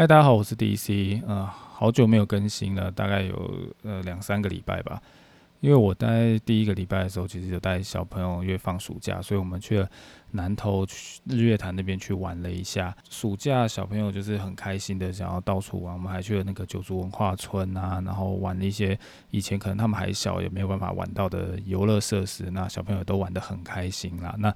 嗨，大家好，我是 DC，啊、呃，好久沒有更新了，大概有呃兩三個禮拜吧。因為我在第一個禮拜的時候，其實有帶小朋友因為放暑假，所以我們去了南投日月潭那邊去玩了一下。暑假小朋友就是很開心的，想要到處玩。我們還去了那個九族文化村啊，然後玩了一些以前可能他們還小也沒有辦法玩到的遊樂設施，那小朋友都玩得很開心啦。那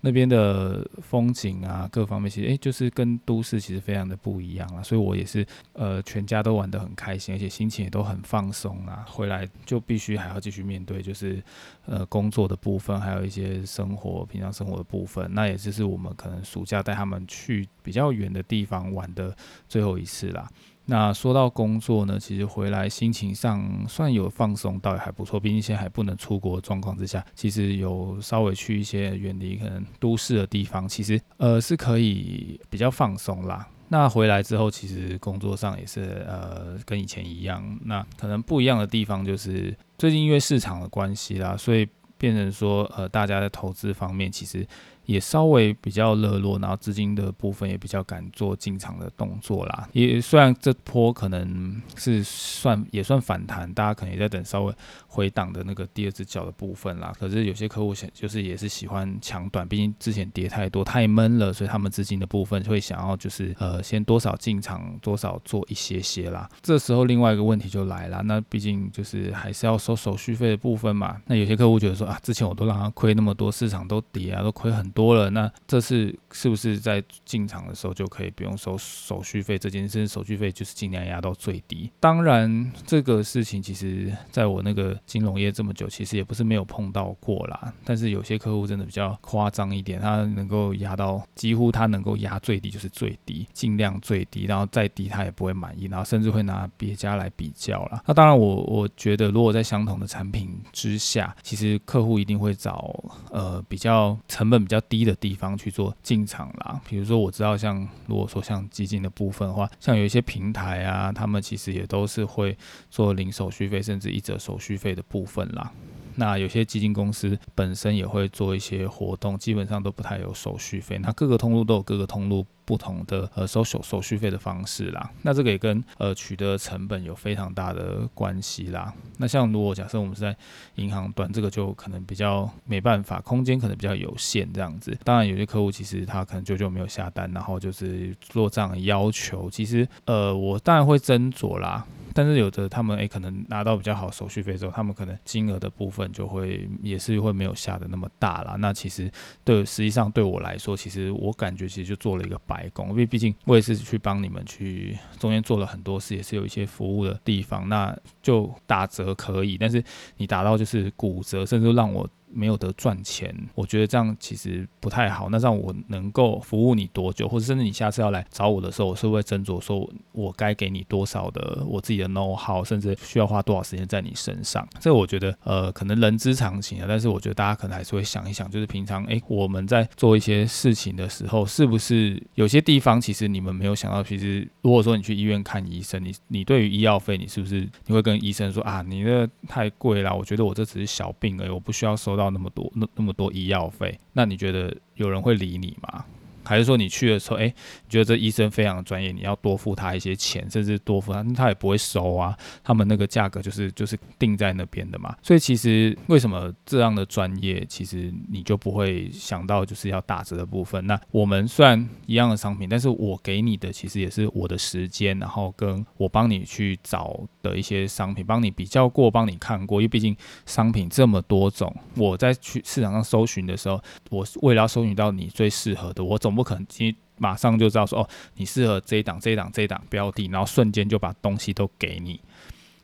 那邊的風景啊，各方面其實誒、欸，就是跟都市其實非常的不一樣啊。所以我也是呃，全家都玩得很開心，而且心情也都很放鬆啊。回來就必須還要繼續面對，就是呃工作的部分，還有一些生活平常生活的部分。那也就是我們可能暑假帶他們去比較遠的地方玩的最後一次啦。那說到工作呢，其實回來心情上算有放鬆，倒也還不錯。畢竟現在還不能出國的狀況之下，其實有稍微去一些遠離可能都市的地方，其實呃是可以比較放鬆啦。那回來之後，其實工作上也是呃跟以前一樣。那可能不一樣的地方就是，最近因為市場的關係啦，所以變成說呃大家的投資方面其實。也稍微比較熱絡，然後資金的部分也比較敢做進場的動作啦。也雖然這波可能是算也算反彈，大家可能也在等稍微回檔的那個第二隻腳的部分啦。可是有些客戶想就是也是喜歡搶短，畢竟之前跌太多，太悶了，所以他們資金的部分就會想要就是呃先多少進場，多少做一些些啦。這時候另外一個問題就來啦，那畢竟就是還是要收手續費的部分嘛。那有些客戶覺得說啊，之前我都讓他虧那麼多，市場都跌啊，都虧很。多了，那這次是不是在進場的時候就可以不用收手續費？這件事，手續費就是盡量壓到最低。當然，這個事情其實在我那個金融業這麼久，其實也不是沒有碰到過啦。但是有些客戶真的比較誇張一點，他能夠壓到幾乎他能夠壓最低就是最低，盡量最低，然後再低他也不會滿意，然後甚至會拿別家來比較啦。那當然，我我覺得如果在相同的產品之下，其實客戶一定會找呃比較成本比較。低的地方去做進場啦，比如說我知道像如果說像基金的部分的話，像有一些平台啊，他們其實也都是會做零手續費甚至一折手續費的部分啦。那有些基金公司本身也會做一些活動，基本上都不太有手續費。那各個通路都有各個通路不同的呃收手手續費的方式啦。那這個也跟呃取得成本有非常大的關係啦。那像如果假設我們是在銀行端，這個就可能比較沒辦法，空間可能比較有限這樣子。當然有些客戶其實他可能久久沒有下單，然後就是做賬要求，其實呃我當然會斟酌啦。但是有的他們誒、欸、可能拿到比較好手續費之後，他們可能金額的部分就會也是會沒有下得那麼大啦。那其實對，實際上對我來說，其實我感覺其實就做了一個白工，因為畢竟我也是去幫你們去中間做了很多事，也是有一些服務的地方。那就打折可以，但是你打到就是骨折，甚至讓我。沒有得賺錢，我覺得這樣其實不太好。那讓我能夠服務你多久，或者甚至你下次要來找我的時候，我是不是會斟酌說我該給你多少的我自己的 know how，甚至需要花多少時間在你身上。這我覺得呃可能人之常情啊，但是我覺得大家可能還是會想一想，就是平常哎我們在做一些事情的時候，是不是有些地方其實你們沒有想到？其實如果說你去醫院看醫生，你你對於醫藥費，你是不是你會跟醫生說啊，你那太貴了，我覺得我這只是小病而已，我不需要收。到那麼多、那那麼多醫藥費，那你覺得有人會理你嗎？還是說你去的時候，哎、欸，你覺得這醫生非常專業，你要多付他一些錢，甚至多付他，他也不會收啊。他們那個價格就是就是定在那邊的嘛。所以其實為什麼這樣的專業，其實你就不會想到就是要打折的部分。那我們算一樣的商品，但是我給你的其實也是我的時間，然後跟我幫你去找的一些商品，幫你比較過，幫你看過，因為畢竟商品這麼多種，我在去市場上搜尋的時候，我為了要搜尋到你最適合的，我總。不可能，你馬上就知道說哦，你適合這一檔、這一檔、這一檔標的，然後瞬間就把東西都給你，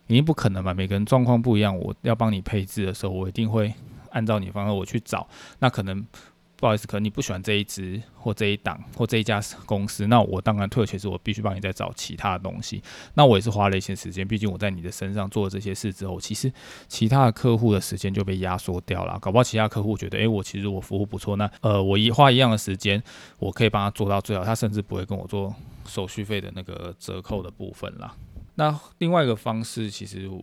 你不可能吧？每個人狀況不一樣，我要幫你配置的時候，我一定會按照你方向我去找，那可能。不好意思，可能你不喜歡這一支或這一檔或這一家公司，那我當然退了，其實我必須幫你再找其他的東西。那我也是花了一些時間，畢竟我在你的身上做了這些事之後，其實其他的客戶的時間就被壓縮掉了。搞不好其他客戶覺得，哎、欸，我其實我服務不錯，那呃，我一花一樣的時間，我可以幫他做到最好，他甚至不會跟我做手續費的那個折扣的部分了。那另外一個方式，其實我。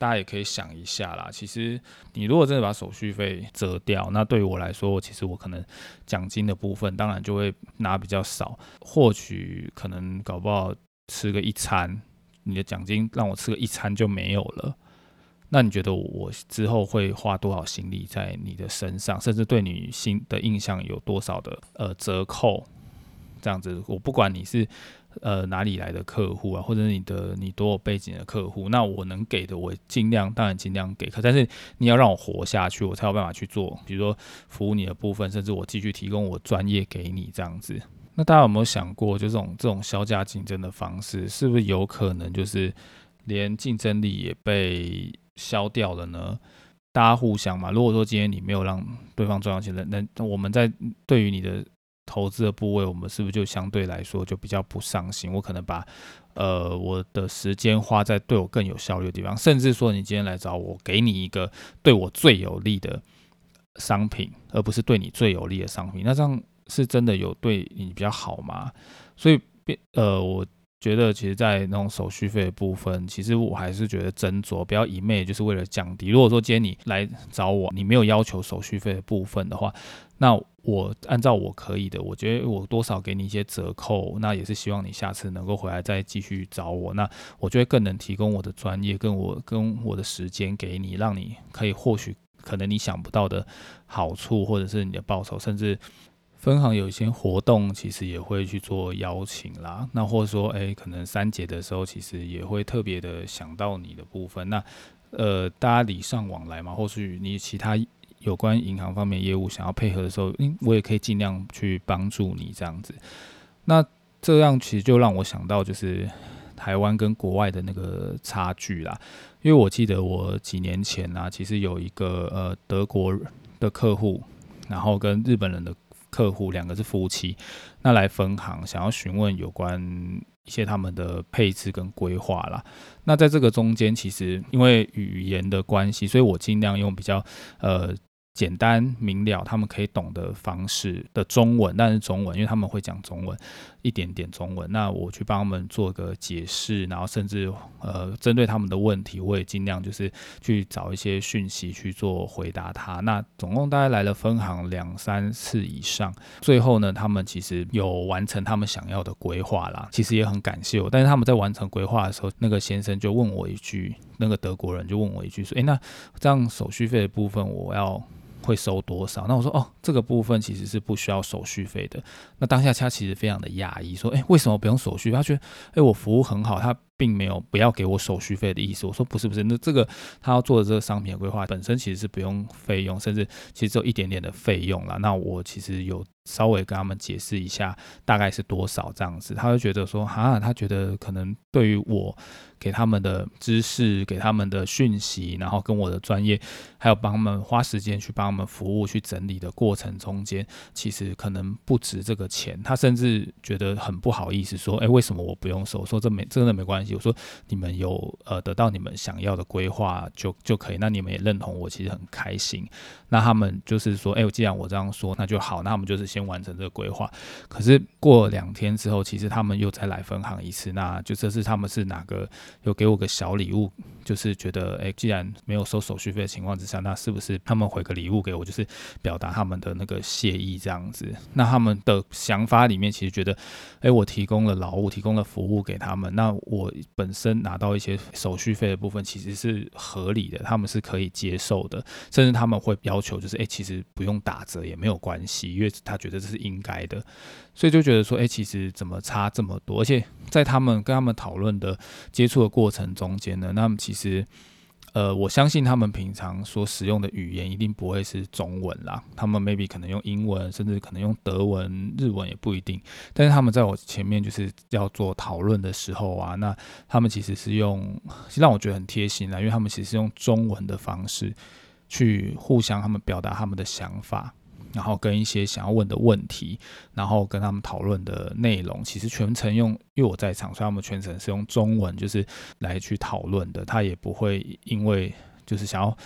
大家也可以想一下啦。其實，你如果真的把手續費折掉，那對於我來說，其實我可能獎金的部分當然就會拿比較少。或許可能搞不好吃個一餐，你的獎金讓我吃個一餐就沒有了。那你覺得我之後會花多少心力在你的身上，甚至對你心的印象有多少的呃折扣？這樣子，我不管你是。呃，哪裡來的客戶啊？或者是你的你多有背景的客戶？那我能給的，我盡量，當然盡量給，可但是你要讓我活下去，我才有辦法去做。比如說服務你的部分，甚至我繼續提供我專業給你這樣子。那大家有沒有想過，就這種這種削價競爭的方式，是不是有可能就是連競爭力也被消掉了呢？大家互相嘛。如果說今天你沒有讓對方賺到錢，那那我們在對於你的。投資的部位，我們是不是就相對來說就比較不上心？我可能把呃我的時間花在對我更有效率的地方，甚至說你今天來找我，給你一個對我最有利的商品，而不是對你最有利的商品，那這樣是真的有對你比較好嗎？所以變呃我。覺得其實，在那種手續費的部分，其實我還是覺得斟酌，不要一味，就是為了降低。如果說今天你來找我，你沒有要求手續費的部分的話，那我按照我可以的，我覺得我多少給你一些折扣，那也是希望你下次能夠回來再繼續找我，那我就會更能提供我的專業，跟我跟我的時間給你，讓你可以獲取可能你想不到的好處，或者是你的報酬，甚至。分行有一些活動，其實也會去做邀請啦。那或者說，誒、欸，可能三節的時候，其實也會特別的想到你的部分。那呃，大家禮尚往來嘛，或許你其他有關銀行方面業務想要配合的時候，欸、我也可以盡量去幫助你這樣子。那這樣其實就讓我想到，就是台灣跟國外的那個差距啦。因為我記得我幾年前啦、啊，其實有一個呃德國的客戶，然後跟日本人的。客戶兩個是夫妻，那來分行想要詢問有關一些他們的配置跟規劃啦。那在這個中間，其實因為語言的關係，所以我儘量用比較呃簡單明了他們可以懂的方式的中文，但是中文因為他們會講中文，一點點中文，那我去幫他們做個解釋，然後甚至呃針對他們的問題，我也儘量就是去找一些訊息去做回答他。那總共大概來了分行兩三次以上，最後呢，他們其實有完成他們想要的規劃啦，其實也很感謝我。但是他們在完成規劃的時候，那個先生就問我一句，那個德國人就問我一句，說：“誒、欸，那這樣手續費的部分我要。”會收多少？那我說哦，這個部分其實是不需要手續費的。那當下他其實非常的訝異，說：“欸，為什麼不用手續費？”他覺得：“欸，我服務很好。”他並沒有不要給我手續費的意思。我說不是不是，那這個他要做的這個商品的規劃本身其實是不用費用，甚至其實只有一點點的費用啦。那我其實有稍微跟他們解釋一下大概是多少這樣子，他就覺得說啊，他覺得可能對於我給他們的知識、給他們的訊息，然後跟我的專業，還有幫他們花時間去幫他們服務、去整理的過程中間，其實可能不值這個錢。他甚至覺得很不好意思說，哎，為什麼我不用手？說這沒這真的沒關係。比如說你們有呃得到你們想要的規劃就就可以，那你們也認同我其實很開心。那他們就是說，哎、欸，我既然我這樣說，那就好，那我們就是先完成這個規劃。可是過兩天之後，其實他們又再來分行一次，那就這次他們是哪個有給我個小禮物，就是覺得哎、欸，既然沒有收手續費的情況之下，那是不是他們回個禮物給我，就是表達他們的那個謝意這樣子？那他們的想法裡面其實覺得，哎、欸，我提供了勞務，提供了服務給他們，那我。本身拿到一些手續費的部分其實是合理的，他們是可以接受的，甚至他們會要求就是，欸，其實不用打折也沒有關係，因為他覺得這是應該的，所以就覺得說，欸，其實怎麼差這麼多？而且在他們跟他們討論的接觸的過程中間呢，他們其實。呃，我相信他們平常所使用的語言一定不會是中文啦，他們 maybe 可能用英文，甚至可能用德文、日文也不一定。但是他們在我前面就是要做討論的時候啊，那他們其實是用，讓我覺得很貼心啦，因為他們其實是用中文的方式去互相他們表達他們的想法。然後跟一些想要問的問題，然後跟他們討論的內容，其實全程用，因為我在場，所以他們全程是用中文，就是來去討論的。他也不會因為就是想要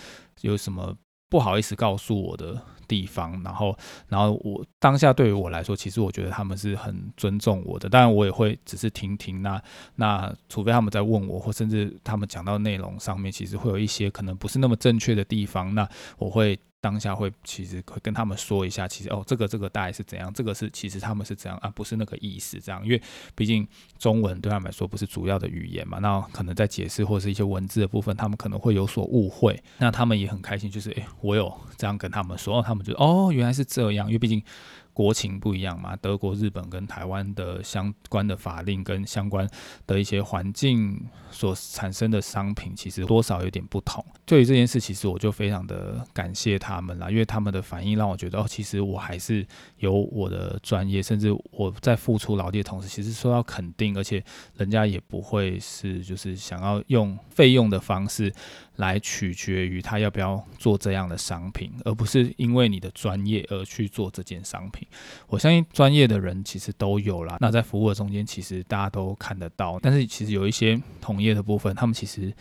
有什麼不好意思告訴我的地方，然後，然後我當下對於我來說，其實我覺得他們是很尊重我的。當然，我也會只是聽聽啊。那那除非他們在問我，或甚至他們講到內容上面，其實會有一些可能不是那麼正確的地方，那我會。當下會其實會跟他們說一下，其實哦，這個這個大概是怎樣，這個是其實他們是怎樣啊，不是那個意思這樣，因為畢竟中文對他們來說不是主要的語言嘛，那可能在解釋或者是一些文字的部分，他們可能會有所誤會。那他們也很開心，就是哎、欸，我有這樣跟他們說，哦、他們就哦，原來是這樣，因為畢竟。國情不一樣嘛，德國、日本跟台灣的相關的法令跟相關的一些環境所產生的商品，其實多少有點不同。對於這件事，其實我就非常的感謝他們啦，因為他們的反應讓我覺得哦，其實我還是有我的專業，甚至我在付出勞力的同時，其實受到肯定，而且人家也不會是就是想要用費用的方式。來取決於他要不要做這樣的商品，而不是因為你的專業而去做這件商品。我相信專業的人其實都有啦。那在服務的中間，其實大家都看得到，但是其實有一些同業的部分，他們其實。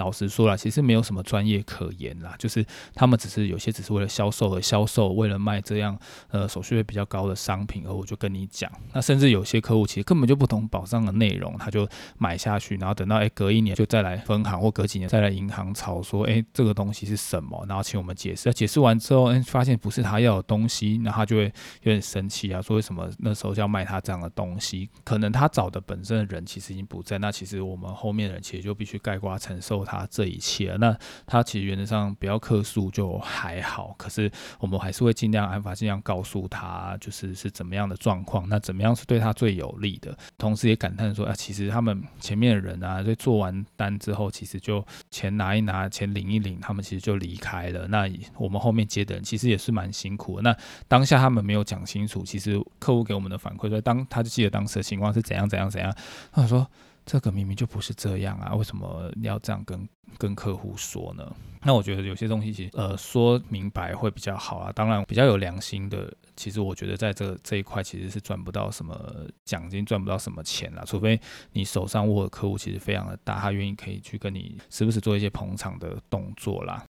老實說了，其實沒有什麼專業可言啦，就是他們只是有些只是為了銷售而銷售，為了賣這樣呃手續費比較高的商品，而我就跟你講，那甚至有些客戶其實根本就不懂保障的內容，他就買下去，然後等到哎、欸、隔一年就再來分行或隔幾年再來銀行吵說哎、欸、這個東西是什麼，然後請我們解釋，解釋完之後哎、欸、發現不是他要的東西，那他就會有點生氣啊，說為什麼那時候就要賣他這樣的東西？可能他找的本身的人其實已經不在，那其實我們後面的人其實就必須概括承受。他這一切，那他其實原則上不要客訴就還好，可是我們還是會盡量安撫，盡量告訴他就是是怎麼樣的狀況，那怎麼樣是對他最有利的。同時也感嘆說，啊，其實他們前面的人啊，在做完單之後，其實就錢拿一拿，錢領一領，他們其實就離開了。那我們後面接的人其實也是蠻辛苦的。那當下他們沒有講清楚，其實客戶給我們的反饋說，當他就記得當時的情況是怎樣怎樣怎樣。他說。這個明明就不是這樣啊，為什麼要這樣跟跟客戶說呢？那我覺得有些東西其實呃說明白會比較好啊。當然，比較有良心的，其實我覺得在這這一塊其實是賺不到什麼獎金，賺不到什麼錢啊。除非你手上握的客戶其實非常的大，他願意可以去跟你時不時做一些捧場的動作啦。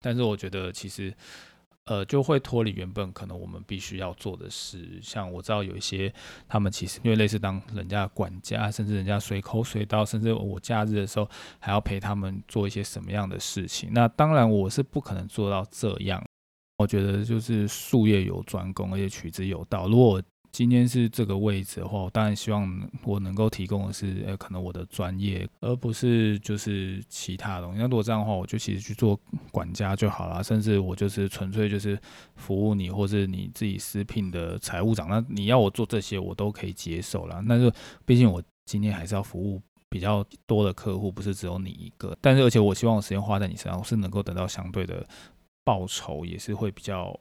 但是我覺得其實。呃，就會脫離原本可能我們必須要做的事。像我知道有一些他們其實因為類似當人家管家，甚至人家隨口隨到，甚至我假日的時候還要陪他們做一些什麼樣的事情。那當然我是不可能做到這樣。我覺得就是術業有專攻，而且取之有道。如果今天是這個位置的話，我當然希望我能夠提供的是，呃，可能我的專業，而不是就是其他的東西。那如果這樣的話，我就其實去做管家就好了，甚至我就是純粹就是服務你，或是你自己私聘的財務長。那你要我做這些，我都可以接受了。那就畢竟我今天還是要服務比較多的客戶，不是只有你一個。但是而且我希望我時間花在你身上，我是能夠得到相對的報酬，也是會比較。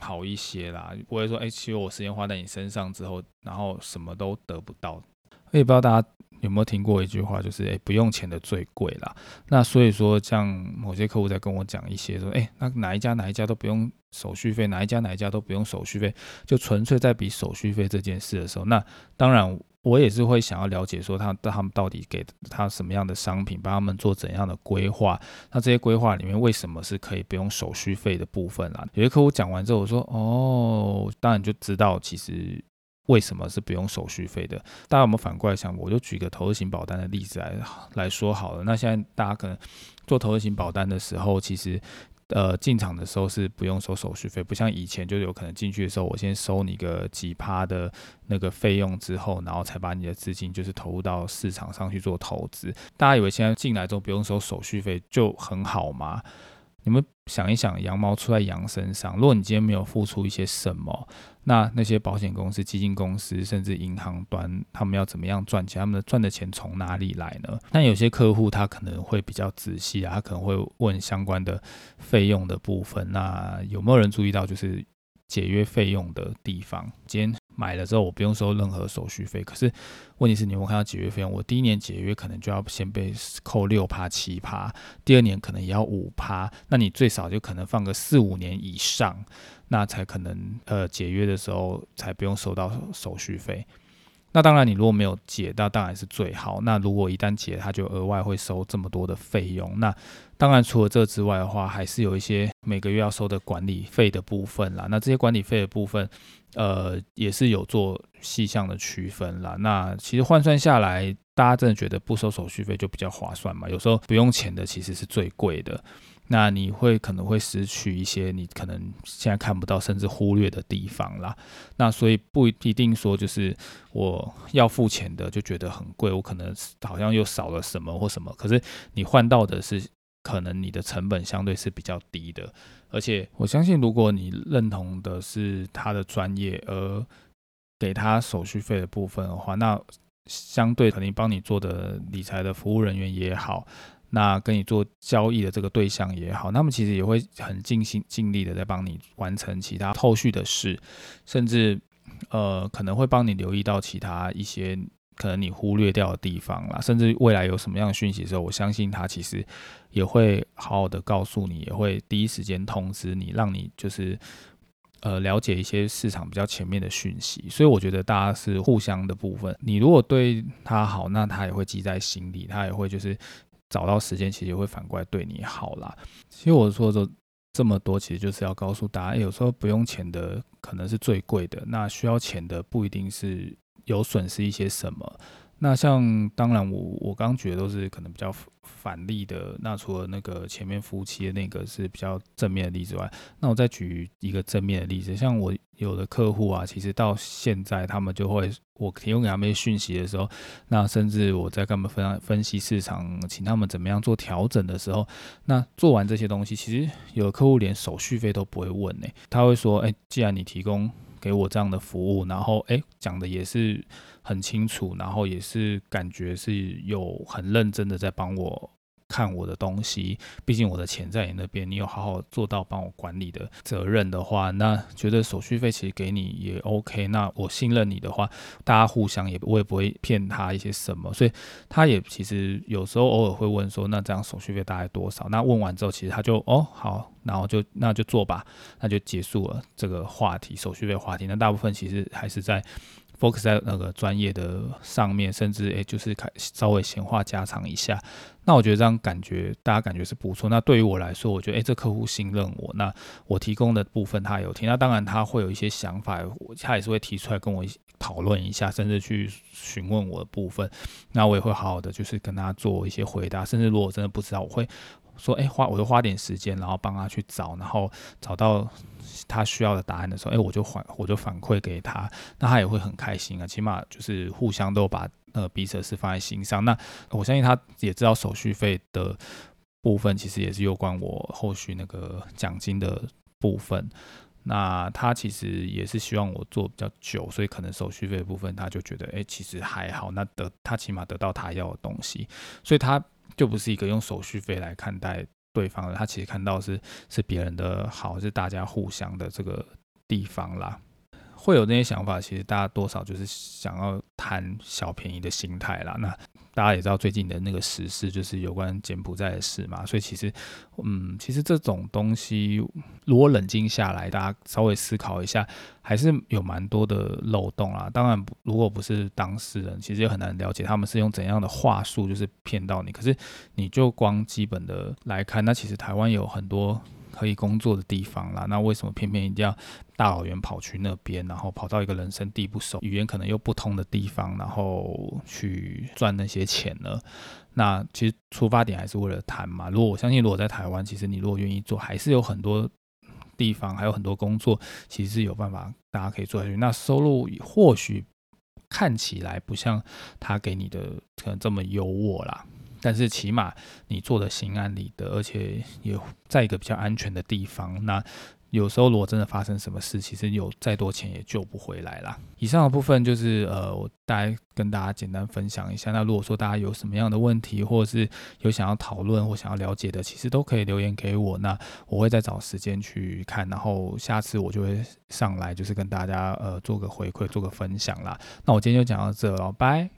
好一些啦，不會說哎，其實我時間花在你身上之後，然後什麼都得不到。我也不知道大家有沒有聽過一句話，就是哎，不用錢的最貴啦。那所以說，像某些客戶在跟我講一些說，哎，那哪一家哪一家都不用手續費，哪一家哪一家都不用手續費，就純粹在比手續費這件事的時候，那當然。我也是會想要了解說他他們到底給他什麼樣的商品，幫他們做怎樣的規劃？那這些規劃裡面為什麼是可以不用手續費的部分啊？有些客戶講完之後，我說哦，當然就知道其實為什麼是不用手續費的。大家有沒有反過來想？我就舉個投資型保單的例子來來說好了。那現在大家可能做投資型保單的時候，其實。呃，進場的時候是不用收手續費，不像以前就有可能進去的時候，我先收你個幾趴的那個費用之後，然後才把你的資金就是投入到市場上去做投資。大家以為現在進來之後不用收手續費就很好嗎？你們想一想，羊毛出在羊身上。如果你今天沒有付出一些什麼，那那些保險公司、基金公司甚至銀行端，他們要怎麼樣賺錢？他們的賺的錢從哪裡來呢？那有些客戶他可能會比較仔細啊，他可能會問相關的費用的部分，那有沒有人注意到就是解約費用的地方？今天。買了之後我不用收任何手續費，可是問題是你有沒有看到解約費用？我第一年解約可能就要先被扣六趴、七趴，第二年可能也要五趴。那你最少就可能放個四五年以上，那才可能呃，解約的時候才不用收到手續費。那當然，你如果沒有解，那當然是最好。那如果一旦解，他就額外會收這麼多的費用。那當然，除了這之外的話，還是有一些每個月要收的管理費的部分啦。那這些管理費的部分，呃，也是有做細項的區分啦。那其實換算下來，大家真的覺得不收手續費就比較划算嘛？有時候不用錢的，其實是最貴的。那你會可能會失去一些你可能現在看不到甚至忽略的地方啦。那所以不一定說就是我要付錢的就覺得很貴，我可能好像又少了什麼或什麼。可是你換到的是，可能你的成本相對是比較低的。而且我相信，如果你認同的是他的專業，而給他手續費的部分的話，那相對肯定幫你做的理財的服務人員也好。那跟你做交易的這個對象也好，那麼其實也會很盡心盡力的在幫你完成其他後續的事，甚至呃可能會幫你留意到其他一些可能你忽略掉的地方啦，甚至未來有什麼樣的訊息的時候，我相信他其實也會好好的告訴你，也會第一時間通知你，讓你就是呃了解一些市場比較前面的訊息。所以我覺得大家是互相的部分，你如果對他好，那他也會記在心裡，他也會就是。找到時間，其實會反過來對你好啦。其實我說的這麼多，其實就是要告訴大家、欸，有時候不用錢的可能是最貴的，那需要錢的不一定是有損失一些什麼。那像當然我，我我剛舉的都是可能比較反例的。那除了那個前面夫妻的那個是比較正面的例子外，那我再舉一個正面的例子。像我有的客戶啊，其實到現在他們就會我提供給他們一些訊息的時候，那甚至我在跟他們分分析市場，請他們怎麼樣做調整的時候，那做完這些東西，其實有的客戶連手續費都不會問呢、欸。他會說：“哎、欸，既然你提供。”給我這樣的服務，然後誒，講的也是很清楚，然後也是感覺是有很認真的在幫我。看我的東西，畢竟我的錢在你那邊，你有好好做到幫我管理的責任的話，那覺得手續費其實給你也 OK。那我信任你的話，大家互相也，我也不會騙他一些什麼，所以他也其實有時候偶爾會問說，那這樣手續費大概多少？那問完之後，其實他就哦好，然後就那就做吧，那就結束了這個話題，手續費話題。那大部分其實還是在。focus 在那個專業的上面，甚至誒、欸、就是開稍微閒話家常一下。那我覺得這樣感覺，大家感覺是不錯。那對於我來說，我覺得誒、欸，這客戶信任我，那我提供的部分他有聽。那當然他會有一些想法，他也是會提出來跟我討論一下，甚至去詢問我的部分。那我也會好好的就是跟他做一些回答，甚至如果我真的不知道，我會。說，誒、欸，花我就花點時間，然後幫他去找，然後找到他需要的答案的時候，誒、欸，我就反我就反饋給他，那他也會很開心啊。起碼就是互相都有把呃彼此的事放在心上。那我相信他也知道手續費的部分，其實也是有關我後續那個獎金的部分。那他其實也是希望我做比較久，所以可能手續費部分他就覺得，誒、欸，其實還好，那得他起碼得到他要的東西，所以他。就不是一個用手續費來看待對方的，他其實看到是是別人的好，是大家互相的這個地方啦。會有那些想法，其實大家多少就是想要貪小便宜的心態啦。那。大家也知道最近的那個時事，就是有關柬埔寨的事嘛，所以其實，嗯，其實這種東西如果冷靜下來，大家稍微思考一下，還是有蠻多的漏洞啦。當然，如果不是當事人，其實也很難了解他們是用怎樣的話術，就是騙到你。可是，你就光基本的來看，那其實台灣有很多。可以工作的地方啦，那為什麼偏偏一定要大老遠跑去那邊，然後跑到一個人生地不熟、語言可能又不通的地方，然後去賺那些錢呢？那其實出發點還是為了談嘛。如果我相信，如果在台灣，其實你如果願意做，還是有很多地方，還有很多工作，其實是有辦法大家可以做下去。那收入或許看起來不像他給你的可能這麼優渥啦。但是起碼你做的心安理得，而且也在一個比較安全的地方。那有時候如果真的發生什麼事，其實有再多錢也救不回來了。以上的部分就是呃，我大概跟大家簡單分享一下。那如果說大家有什麼樣的問題，或者是有想要討論或想要了解的，其實都可以留言給我。那我會再找時間去看，然後下次我就會上來，就是跟大家呃做個回饋，做個分享啦。那我今天就講到這囉，拜。